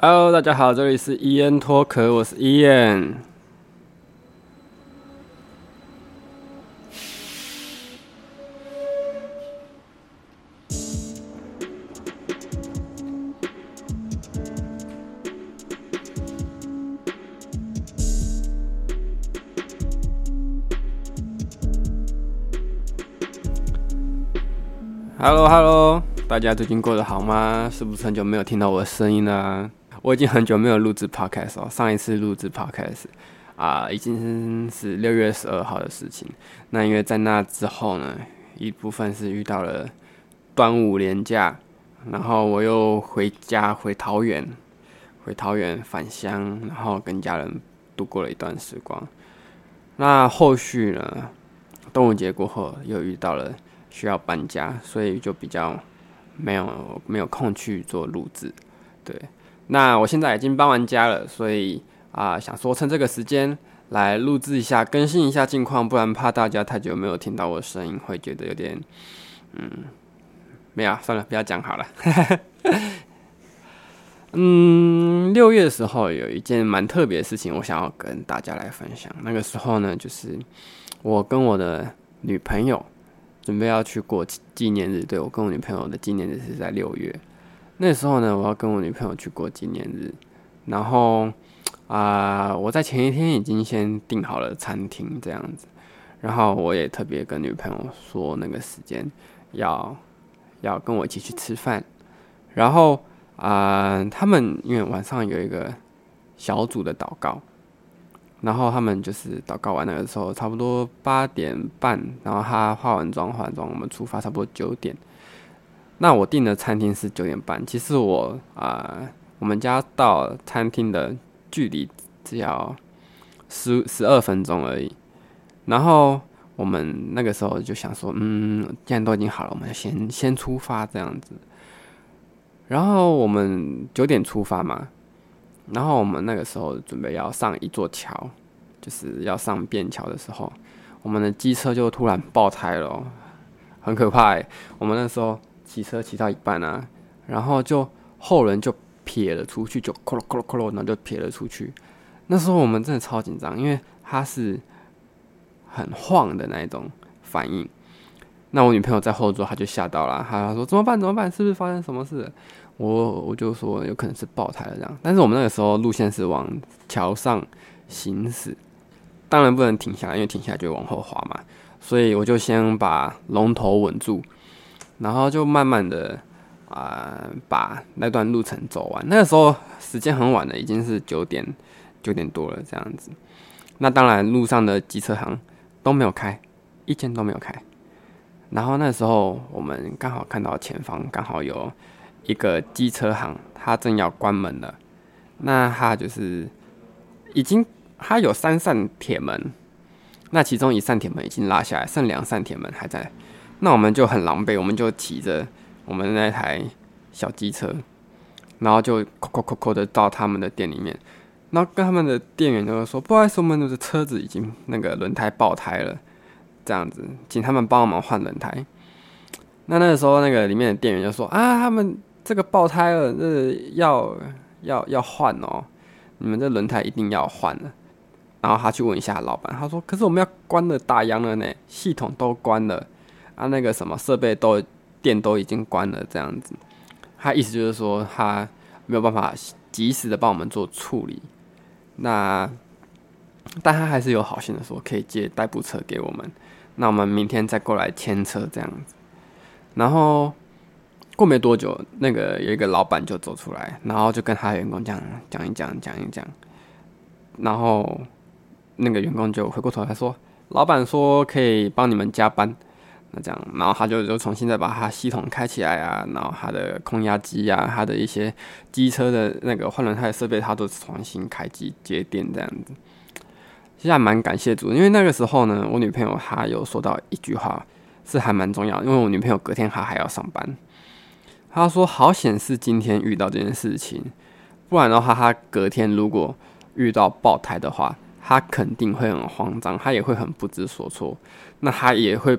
Hello，大家好，這裡是 Ian Talker，我是 Ian。Hello，Hello，hello，大家最近過得好嗎？是不是很久沒有聽到我的聲音了啊？我已經很久沒有錄製 Podcast 了。上一次錄製 Podcast 啊、呃，已經是六月十二號的事情。那因為在那之後呢，一部分是遇到了端午連假，然後我又回家回桃園，回桃園返鄉，然後跟家人度過了一段時光。那後續呢，端午節過後又遇到了需要搬家，所以就比較沒有沒有空去做錄製，對。那我現在已經搬完家了，所以啊、呃，想說趁這個時間來錄製一下，更新一下近況，不然怕大家太久沒有聽到我聲音，會覺得有點，嗯，沒有、啊，算了，不要講好了。 嗯，六月的時候有一件蠻特別的事情，我想要跟大家來分享。那個時候呢，就是我跟我的女朋友準備要去過紀念日，對，我跟我女朋友的紀念日是在六月。那時候呢，我要跟我女朋友去過紀念日，然後啊、呃，我在前一天已經先訂好了餐廳這樣子，然後我也特別跟女朋友說那個時間，要要跟我一起去吃飯，然後啊、呃，他們因為晚上有一個小組的禱告，然後他們就是禱告完那個時候差不多八點半，然後她化完妝化完妝，我們出發差不多九點。那我訂的餐廳是九點半，其實我啊、呃，我們家到餐廳的距離只要十十二分鐘而已。然後我們那個時候就想說，嗯，既然都已經好了，我們就先先出發這樣子。然後我們九點出發嘛，然後我們那個時候準備要上一座橋，就是要上便橋的時候，我們的機車就突然爆胎了，很可怕、欸。我們那時候。騎車騎到一半啊，然後就後輪就撇了出去，就咕嚕咕嚕咕嚕，然後就撇了出去。那時候我們真的超緊張，因為它是很晃的那一種反應。那我女朋友在後座，她就嚇到了，她說：“怎麼辦？怎麼辦？是不是發生什麼事？”我我就說：“有可能是爆胎了這樣。”但是我們那個時候路線是往橋上行駛，當然不能停下來，因為停下來就往後滑嘛。所以我就先把龍頭穩住。然後就慢慢的啊、呃，把那段路程走完。那個時候時間很晚了，已經是九點九點多了這樣子。那當然路上的機車行都沒有開，一間都沒有開。然後那時候我們剛好看到前方剛好有一個機車行，它正要關門了。那它就是已經它有三扇鐵門，那其中一扇鐵門已經拉下來，剩兩扇鐵門還在。那我們就很狼狽，我們就騎着我們那台小機車，然後就扣扣扣扣的到他們的店裡面，然後跟他們的店員就說：“不好意思，我們的車子已經那個輪胎爆胎了，這樣子，請他們幫我們換輪胎。”那那個時候那個裡面的店員就說：“啊，他們這個爆胎了，這要要要換喔，你們這輪胎一定要換了。然後他去問一下老板，他說：“可是我們要關了，打烊了呢，系統都關了。”他、啊、那個什麼設備都電都已經關了，這樣子，他意思就是說他沒有辦法及時的幫我們做處理。那，但他還是有好心的說可以借代步車給我們。那我們明天再過來牽車這樣子。然後過沒多久，那個有一個老板就走出來，然後就跟他的員工講講一講講一講，然後那個員工就回過頭來說，老板說可以幫你們加班。那這樣，然後他就就重新再把他系統開起來啊，然後他的空壓機啊，他的一些機車的那個換輪胎的設備，他都重新開機接電這樣子。其實還蠻感謝主，因為那個時候呢，我女朋友她有說到一句話是還蠻重要，因為我女朋友隔天她還要上班。她說：“好險是今天遇到這件事情，不然的話她隔天如果遇到爆胎的話，她肯定會很慌張，她也會很不知所措，那她也會。”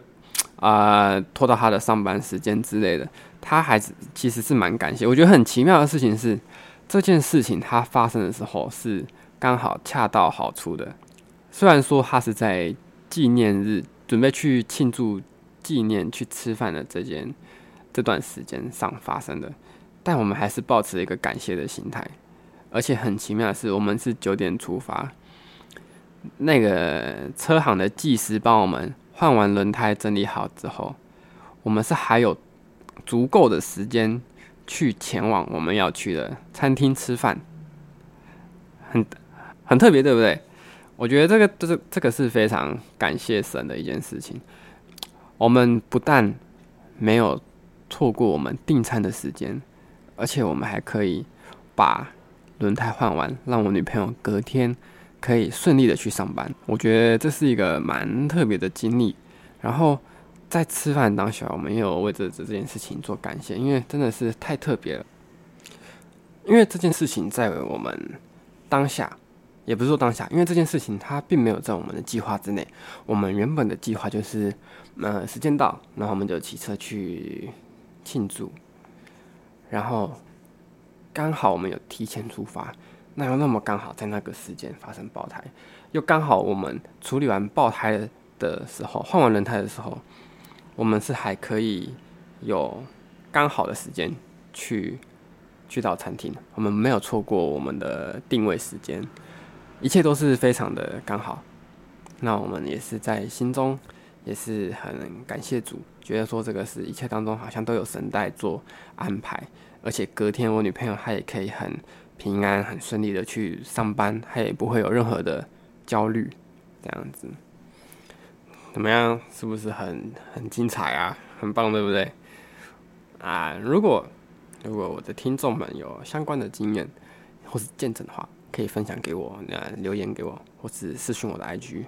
啊、呃，拖到他的上班時間之類的，他還是其實是蠻感謝。我覺得很奇妙的事情是，這件事情它發生的時候是剛好恰到好處的。雖然說他是在紀念日準備去慶祝紀念去吃飯的這件這段時間上發生的，但我們還是保持一個感謝的心態。而且很奇妙的是，我們是九點出發，那個車行的技師幫我們。換完輪胎整理好之後，我們是還有足夠的時間去前往我們要去的餐廳吃飯，很很特別，對不對？我覺得這個、這個、這個是非常感謝神的一件事情。我們不但沒有錯過我們訂餐的時間，而且我們還可以把輪胎換完，讓我女朋友隔天。可以順利的去上班，我覺得這是一個蠻特別的經歷。然後在吃飯當下，我們也有為這這件事情做感謝，因為真的是太特別了。因為這件事情在我們當下，也不是說當下，因為這件事情它並沒有在我們的計劃之內。我們原本的計劃就是，嗯、呃，時間到，然後我們就騎車去慶祝。然後剛好我們有提前出發。那又那麼剛好在那個時間發生爆胎，又剛好我們處理完爆胎的時候，換完輪胎的時候，我們是還可以有剛好的時間去去到餐廳，我們沒有錯過我們的定位時間，一切都是非常的剛好。那我們也是在心中也是很感謝主，覺得說這個是一切當中好像都有神在做安排，而且隔天我女朋友她也可以很。平安很順利的去上班，他也不會有任何的焦慮，這樣子，怎麼樣？是不是很很精彩啊？很棒，對不對？啊，如果如果我的聽眾們有相關的經驗或是見證的話，可以分享給我，那留言給我，或是私信我的 I G，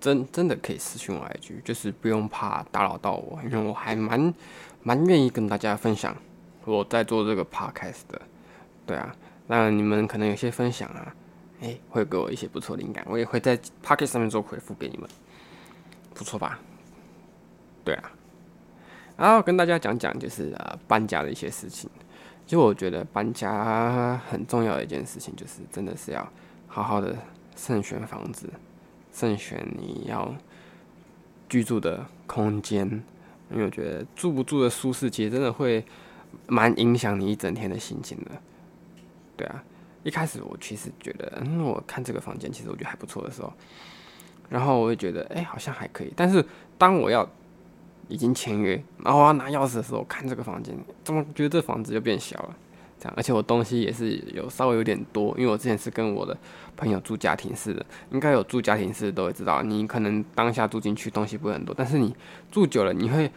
真真的可以私信我 I G，就是不用怕打擾到我，因為我還蠻蠻願意跟大家分享我在做這個 Podcast 的，對啊。那你們可能有些分享啊，哎、欸，會給我一些不錯的靈感，我也會在 Pocket 上面做回復給你們，不錯吧？對啊，然後跟大家講講就是呃搬家的一些事情。就我覺得搬家很重要的一件事情，就是真的是要好好的慎選房子，慎選你要居住的空間，因為我覺得住不住的舒適，其實真的會蠻影響你一整天的心情的。對啊，一開始我其實覺得，嗯，我看這個房間，其實我覺得還不錯的時候，然後我會覺得，哎，好像還可以。但是當我要已經簽約，然後我要拿鑰匙的時候，看這個房間，怎麼覺得這房子就變小了？這樣，而且我東西也是有稍微有點多，因為我之前是跟我的朋友住家庭式的，應該有住家庭式的都會知道，你可能當下住進去東西不會很多，但是你住久了，你會。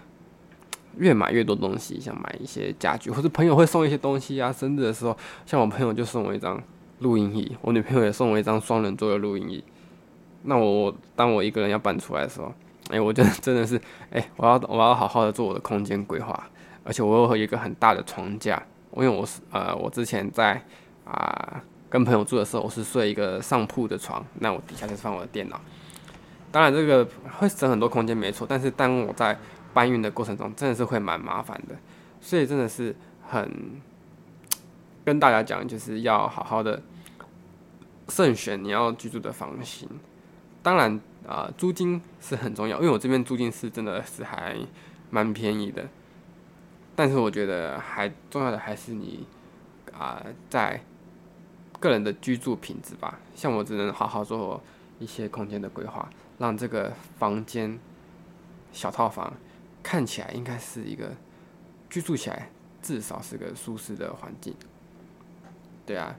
越買越多東西，想買一些家具，或者朋友會送一些東西啊。生日的時候，像我朋友就送我一張露營椅，我女朋友也送我一張雙人座的露營椅。那我當我一個人要搬出來的時候，哎、欸，我就真的是，哎、欸，我要我要好好的做我的空間規劃。而且我有一個很大的床架，因為我是呃，我之前在啊、呃、跟朋友住的時候，我是睡一個上鋪的床，那我底下就放我的電腦。當然這個會省很多空間，沒錯。但是當我在搬運的過程中真的是會蠻麻煩的，所以真的是很跟大家講，就是要好好的慎選你要居住的房型。當然啊、呃，租金是很重要，因為我這邊租金是真的是還蠻便宜的。但是我覺得還重要的還是你啊、呃，在個人的居住品質吧。像我只能好好做一些空間的規劃，讓這個房間小套房。看起來應該是一個居住起來至少是個舒適的環境。對啊，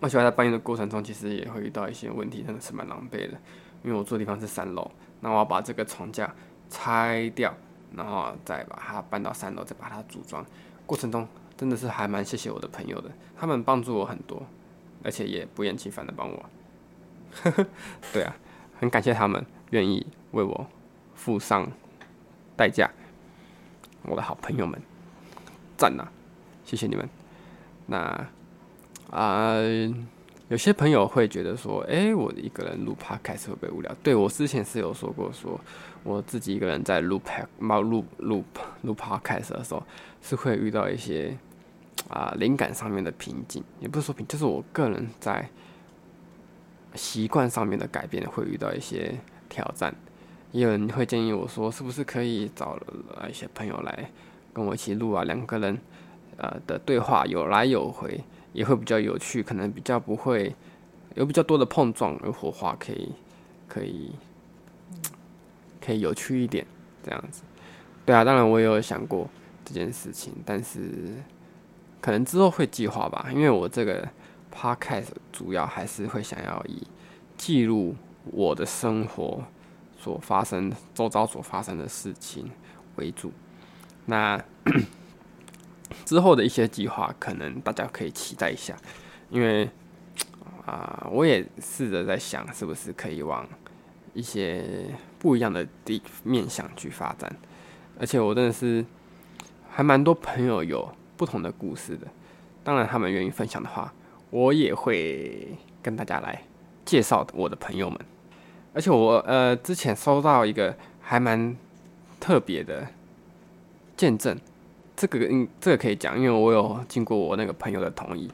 我喜歡在搬運的過程中，其實也會遇到一些問題，真的是蠻狼狽的。因為我住的地方是三樓，那我要把這個床架拆掉，然後再把它搬到三樓，再把它組裝。過程中真的是還蠻謝謝我的朋友的，他們幫助我很多，而且也不厭其煩的幫我。呵呵，對啊，很感謝他們願意為我負傷代價，我的好朋友們，讚啦，謝謝你們。那啊、呃，有些朋友會覺得說，誒、欸，我一個人錄 podcast 會不會無聊？對，我之前是有說過說，說我自己一個人在錄拍，貓錄錄錄 podcast 的時候是會遇到一些啊呃、靈感上面的瓶頸，也不是說瓶頸，就是我個人在習慣上面的改變會遇到一些挑戰。也有人會建議我說：“是不是可以找一些朋友來跟我一起錄啊？兩個人，呃的對話有來有回，也會比較有趣，可能比較不會有比較多的碰撞，有火花，可以，可以，可以有趣一點這樣子。”對啊，當然我也有想過這件事情，但是可能之後會計劃吧，因為我這個 podcast 主要還是會想要以記錄我的生活。所發生、周遭所發生的事情為主。那 之後的一些計劃，可能大家可以期待一下，因為啊、呃，我也試着在想，是不是可以往一些不一樣的地面向去發展。而且，我真的是還蠻多朋友有不同的故事的。當然，他們願意分享的話，我也會跟大家來介紹我的朋友們。而且我呃，之前收到一個還蠻特別的見證，這個嗯，這個可以講，因為我有經過我那個朋友的同意，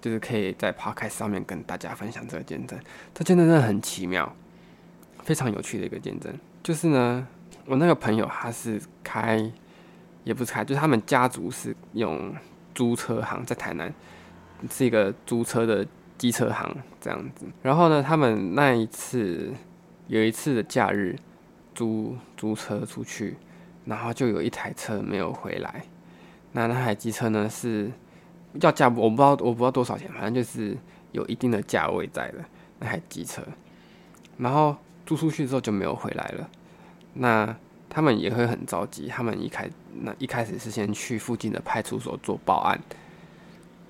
就是可以在 Podcast 上面跟大家分享這個見證。這見證真的很奇妙，非常有趣的一個見證。就是呢，我那個朋友他是開，也不是開，就是他們家族是用租車行在台南，是一個租車的機車行這樣子。然後呢，他們那一次。有一次的假日，租租車出去，然後就有一台車沒有回來。那那台機車呢？是要價，我不知道，我不知道多少錢，反正就是有一定的價位在的那台機車。然後租出去之後就沒有回來了。那他們也會很着急。他們一開那一開始是先去附近的派出所做報案，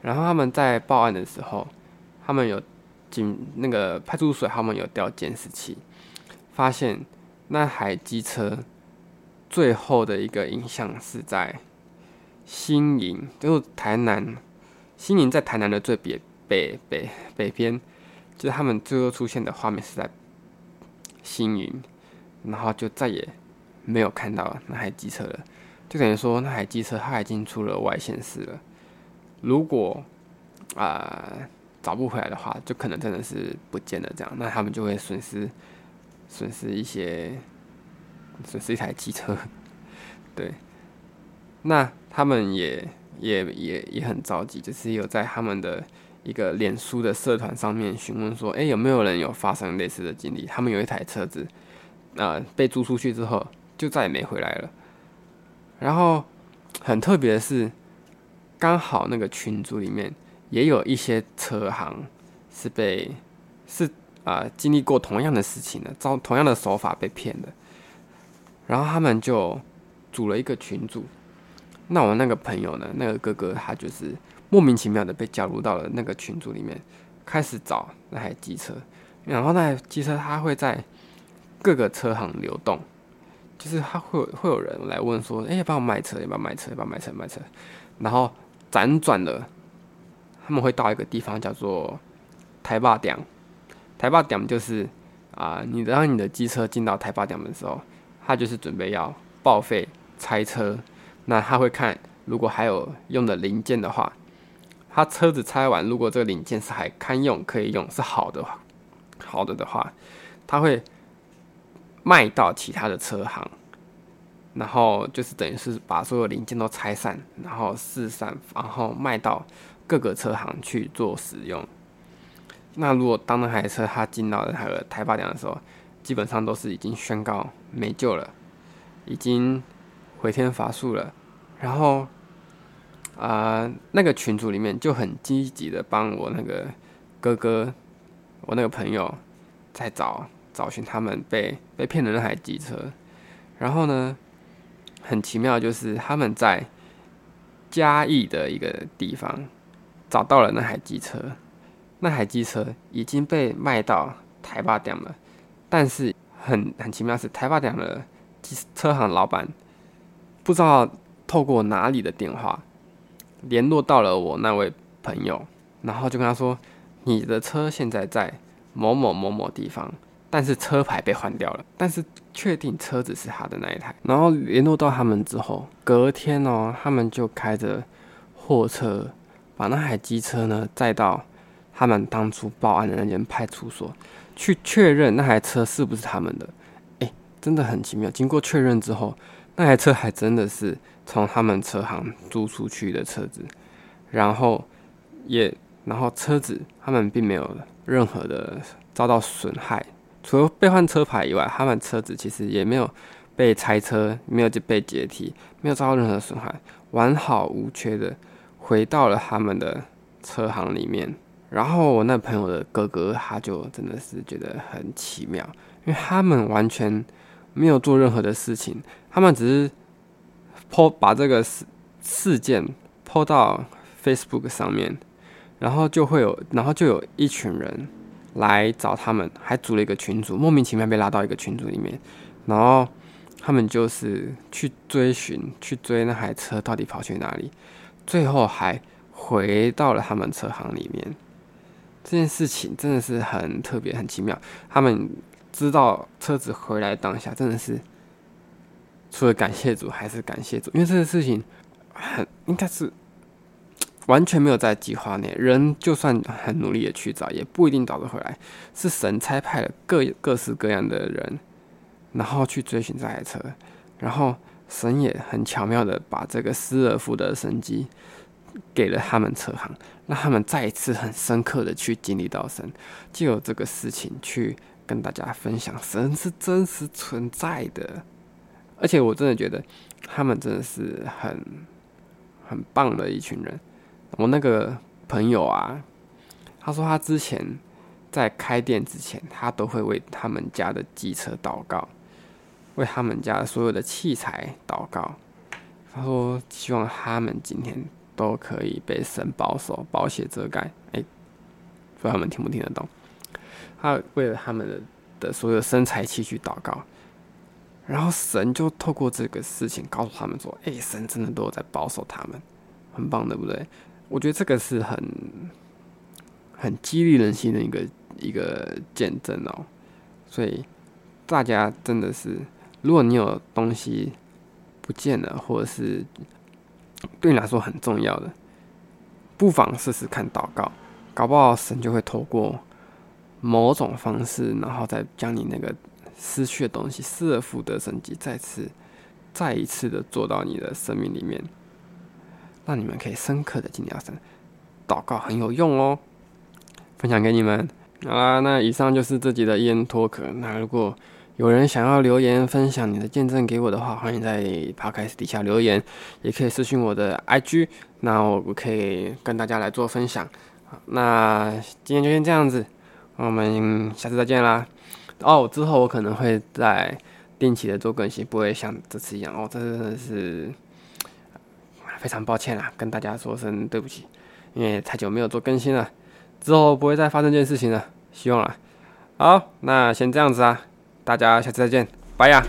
然後他們在報案的時候，他們有警那個派出所他們有調監視器。發現那台機車最後的一個影像，是在新營，就是台南。新營在台南的最北北北北邊，就是他們最後出現的畫面是在新營，然後就再也沒有看到那台機車了。就等於說，那台機車它已經出了外縣市了。如果啊、呃、找不回來的話，就可能真的是不見了這樣。那他們就會損失。損失一些，損失一台機車，對。那他們也也也也很着急，就是有在他們的一個臉書的社團上面詢問說，欸，有沒有人有發生類似的經歷？他們有一台車子，呃，被租出去之後就再也沒回來了。然後很特別的是，剛好那個群組裡面也有一些車行是被是。啊，經歷過同樣的事情呢，遭同樣的手法被騙的，然後他們就組了一個群組。那我那個朋友呢，那個哥哥他就是莫名其妙的被加入到了那個群組裡面，開始找那台機車。然後那台機車它會在各個車行流動，就是他會有會有人來問說，哎、欸，要不要賣車，要不要賣車，要不要賣車，賣車。然後輾轉的，他們會到一個地方叫做台霸頂。台霸點就是啊、呃，你當你的機車進到台霸點門的時候，他就是準備要報廢拆車。那他會看，如果還有用的零件的話，他車子拆完，如果這個零件是還堪用可以用是好的話，好的的話，他會賣到其他的車行，然後就是等於是把所有零件都拆散，然後四散，然後賣到各個車行去做使用。那如果當那台車它進到了那個台巴梁的時候，基本上都是已經宣告沒救了，已經回天乏術了。然後，啊、呃，那個群組裡面就很積極的幫我那個哥哥，我那個朋友在找找尋他們被被騙的那台機車。然後呢，很奇妙，就是他們在嘉義的一個地方找到了那台機車。那台機車已經被賣到台巴店了，但是很很奇妙是台巴店的機車行老板不知道透過哪裡的電話聯絡到了我那位朋友，然後就跟他說：“你的車現在在某某某某地方，但是車牌被換掉了，但是確定車子是他的那一台。”然後聯絡到他們之後，隔天哦，他們就開着貨車把那台機車呢載到他們當初報案的那間派出所去確認那台車是不是他們的，誒，真的很奇妙。經過確認之後，那台車還真的是從他們車行租出去的車子，然後也，然後車子他們並沒有任何的遭到損害，除了被換車牌以外，他們車子其實也沒有被拆車，沒有就被解體，沒有遭到任何損害，完好無缺的回到了他們的車行裡面。然後我那朋友的哥哥他就真的是覺得很奇妙，因為他們完全沒有做任何的事情，他們只是 po 把這個事事件 po 到 Facebook 上面，然後就會有，然後就有一群人來找他們，還組了一個群組，莫名其妙被拉到一個群組裡面，然後他們就是去追尋，去追那台車到底跑去哪裡，最後還回到了他們車行裡面。這件事情真的是很特別、很奇妙。他們知道車子回來當下，真的是除了感謝主，還是感謝主。因為這個事情很應該是完全沒有在計劃內，人就算很努力的去找，也不一定找得回來。是神差派了各各式各樣的人，然後去追尋這台車，然後神也很巧妙的把這個失而復得的神蹟給了他們車行。讓他們再一次很深刻的去經歷到神，就有這個事情去跟大家分享，神是真實存在的。而且我真的覺得他們真的是很，很棒的一群人。我那個朋友啊，他說他之前在開店之前，他都會為他們家的機車禱告，為他們家的所有的器材禱告。他說希望他們今天，都可以被神保守、寶血遮蓋。哎，不知道他們聽不聽得懂？他為了他們的，的所有身材繼續禱告。然後神就透過這個事情告訴他們說：“哎，神真的都在保守他們，很棒，對不對？”我覺得這個是很很激勵人心的一個一個見證哦。所以大家真的是，如果你有東西不見了，或者是……對你來說很重要的，不妨試試看禱告，搞不好神就會透過某種方式，然後再將你那個失去的東西失而復得神蹟，神跡再次、再一次的做到你的生命裡面，讓你們可以深刻的經歷神。禱告很有用哦，分享給你們。好啦，那以上就是這集的煙托殼。那如果有人想要留言分享你的見證給我的話，歡迎在 Podcast 底下留言，也可以私訊我的 IG，那我可以跟大家來做分享。好，那今天就先這樣子，我們下次再見啦。哦，之後我可能會再定期的做更新，不會像這次一樣哦。這真的是非常抱歉啦，跟大家說聲對不起，因為太久沒有做更新了。之後不會再發生這件事情了，希望啦。好，那先這樣子啊。大家，下次再見，拜呀。